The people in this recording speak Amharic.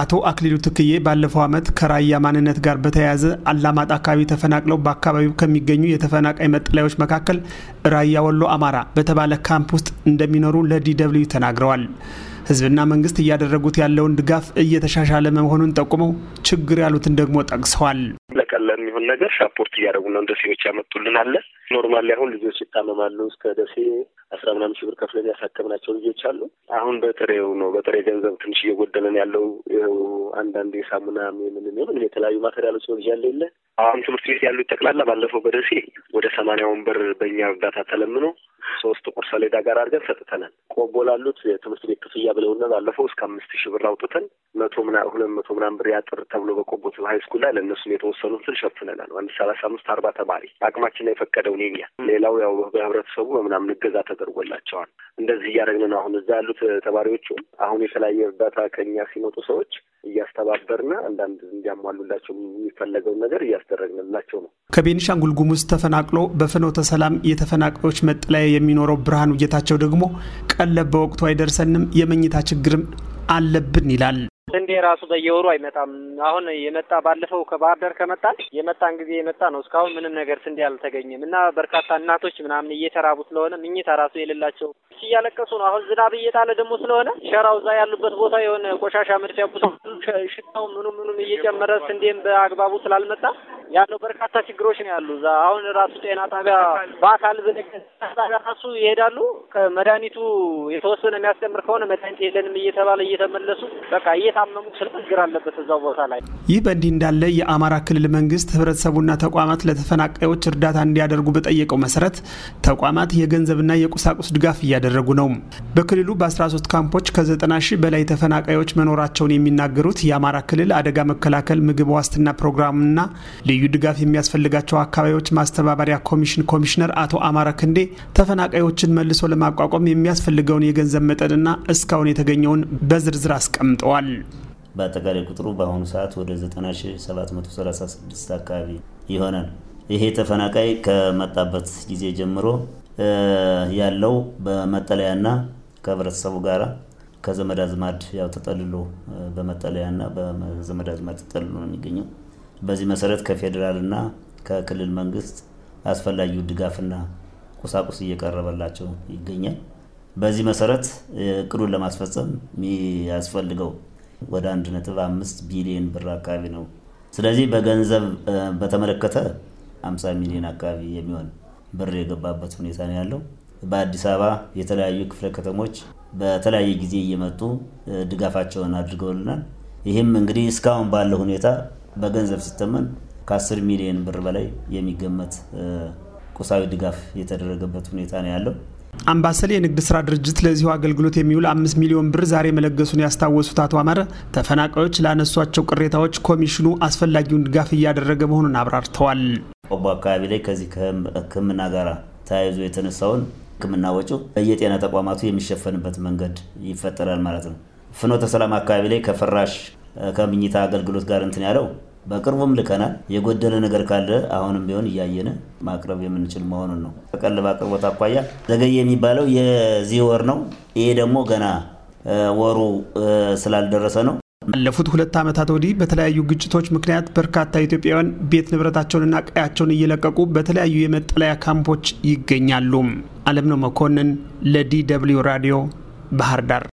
አቶ አክሊሉ ትክዬ ባለፈው ዓመት ከራያ ማንነት ጋር በተያያዘ አላማጣ አካባቢ ተፈናቅለው በአካባቢው ከሚገኙ የተፈናቃይ መጠለያዎች መካከል ራያ ወሎ አማራ በተባለ ካምፕ ውስጥ እንደሚኖሩ ለዲደብልዩ ተናግረዋል። ሕዝብና መንግስት እያደረጉት ያለውን ድጋፍ እየተሻሻለ መሆኑን ጠቁመው ችግር ያሉትን ደግሞ ጠቅሰዋል። ለሚሆን ነገር ሳፖርት እያደረጉ ነው። እንደ ያመጡልን አለ ኖርማሊ አሁን ልጆች ይታመማሉ። እስከ ደሴ አስራ ምናምን ሺህ ብር ከፍለን ያሳከምናቸው ልጆች አሉ። አሁን በጥሬው ነው በጥሬ ገንዘብ ትንሽ እየጎደለን ያለው ይኸው አንዳንድ የሳሙና የምንሆን የተለያዩ ማቴሪያሎች መግዣ ያለ የለ አሁን ትምህርት ቤት ያሉት ጠቅላላ ባለፈው በደሴ ወደ ሰማንያ ወንበር በእኛ እርዳታ ተለምኖ ሶስት ጥቁር ሰሌዳ ጋር አድርገን ሰጥተናል። ቆቦ ላሉት የትምህርት ቤት ክፍያ ብለውና ባለፈው እስከ አምስት ሺህ ብር አውጥተን መቶ ምና ሁለት መቶ ምናምን ብር ያጥር ተብሎ በቆቦ ሀይ ስኩል ላይ ለእነሱም የተወሰኑትን ሸፍነናል። አንድ ሰላሳ አምስት አርባ ተማሪ አቅማችን የፈቀደውን የኛ ሌላው ያው በህብረተሰቡ በምናምን እገዛ ተደርጎላቸዋል። እንደዚህ እያደረግን አሁን እዛ ያሉት ተማሪዎቹ አሁን የተለያየ እርዳታ ከኛ ሲመጡ ሰዎች እያስተባበርና አንዳንድ እንዲያሟሉላቸው የሚፈለገውን ነገር እያስደረግንላቸው ነው። ከቤኒሻንጉል ጉሙዝ ተፈናቅሎ በፍኖተ ሰላም የተፈናቃዮች መጠለያ የሚኖረው ብርሃኑ ጌታቸው ደግሞ ቀለብ በወቅቱ አይደርሰንም፣ የመኝታ ችግርም አለብን ይላል። ስንዴ ራሱ በየወሩ አይመጣም። አሁን የመጣ ባለፈው ከባህር ዳር ከመጣ የመጣን ጊዜ የመጣ ነው። እስካሁን ምንም ነገር ስንዴ አልተገኘም እና በርካታ እናቶች ምናምን እየተራቡ ስለሆነ ምኝታ ራሱ የሌላቸው እያለቀሱ ነው። አሁን ዝናብ እየጣለ ደግሞ ስለሆነ ሸራው እዛ ያሉበት ቦታ የሆነ ቆሻሻ መድፊያ ሽታው ምኑ ምኑም እየጨመረ ስንዴም በአግባቡ ስላልመጣ ያለው በርካታ ችግሮች ነው ያሉ። አሁን ራሱ ጤና ጣቢያ በአካል ጣቢያ ራሱ ይሄዳሉ። ከመድኃኒቱ የተወሰነ የሚያስጨምር ከሆነ መድኃኒት የለንም እየተባለ እየተመለሱ በቃ እየታመሙ ስለ አለበት እዛው ቦታ ላይ። ይህ በእንዲህ እንዳለ የአማራ ክልል መንግስት ህብረተሰቡና ተቋማት ለተፈናቃዮች እርዳታ እንዲያደርጉ በጠየቀው መሰረት ተቋማት የገንዘብና የቁሳቁስ ድጋፍ እያደረጉ ነው። በክልሉ በ13 ካምፖች ከ90 ሺህ በላይ ተፈናቃዮች መኖራቸውን የሚናገሩት የአማራ ክልል አደጋ መከላከል ምግብ ዋስትና ፕሮግራምና ልዩ ልዩ ድጋፍ የሚያስፈልጋቸው አካባቢዎች ማስተባበሪያ ኮሚሽን ኮሚሽነር አቶ አማረ ክንዴ ተፈናቃዮችን መልሶ ለማቋቋም የሚያስፈልገውን የገንዘብ መጠንና እስካሁን የተገኘውን በዝርዝር አስቀምጠዋል። በአጠቃላይ ቁጥሩ በአሁኑ ሰዓት ወደ 9736 አካባቢ ይሆናል። ይሄ ተፈናቃይ ከመጣበት ጊዜ ጀምሮ ያለው በመጠለያና ከህብረተሰቡ ጋር ከዘመድ አዝማድ ያው ተጠልሎ በመጠለያና በዘመድ አዝማድ ተጠልሎ ነው የሚገኘው። በዚህ መሰረት ከፌዴራልና ከክልል መንግስት አስፈላጊው ድጋፍና ቁሳቁስ እየቀረበላቸው ይገኛል። በዚህ መሰረት እቅዱን ለማስፈጸም የሚያስፈልገው ወደ 1.5 ቢሊዮን ብር አካባቢ ነው። ስለዚህ በገንዘብ በተመለከተ 50 ሚሊዮን አካባቢ የሚሆን ብር የገባበት ሁኔታ ነው ያለው። በአዲስ አበባ የተለያዩ ክፍለ ከተሞች በተለያየ ጊዜ እየመጡ ድጋፋቸውን አድርገውልናል። ይህም እንግዲህ እስካሁን ባለው ሁኔታ በገንዘብ ሲተመን ከ10 ሚሊዮን ብር በላይ የሚገመት ቁሳዊ ድጋፍ የተደረገበት ሁኔታ ነው ያለው። አምባሰል የንግድ ስራ ድርጅት ለዚሁ አገልግሎት የሚውል አምስት ሚሊዮን ብር ዛሬ መለገሱን ያስታወሱት አቶ አማረ ተፈናቃዮች ላነሷቸው ቅሬታዎች ኮሚሽኑ አስፈላጊውን ድጋፍ እያደረገ መሆኑን አብራርተዋል። ቆቦ አካባቢ ላይ ከዚህ ከሕክምና ጋር ተያይዞ የተነሳውን ሕክምና ወጪው በየጤና ተቋማቱ የሚሸፈንበት መንገድ ይፈጠራል ማለት ነው። ፍኖተ ሰላም አካባቢ ላይ ከፍራሽ ከምኝታ አገልግሎት ጋር እንትን ያለው በቅርቡም ልከናል። የጎደለ ነገር ካለ አሁንም ቢሆን እያየን ማቅረብ የምንችል መሆኑን ነው። ከቀልብ አቅርቦት አኳያ ዘገየ የሚባለው የዚህ ወር ነው። ይሄ ደግሞ ገና ወሩ ስላልደረሰ ነው። ባለፉት ሁለት ዓመታት ወዲህ በተለያዩ ግጭቶች ምክንያት በርካታ ኢትዮጵያውያን ቤት ንብረታቸውንና ቀያቸውን እየለቀቁ በተለያዩ የመጠለያ ካምፖች ይገኛሉ። አለም ነው መኮንን ለዲ ደብልዩ ራዲዮ ባህር ዳር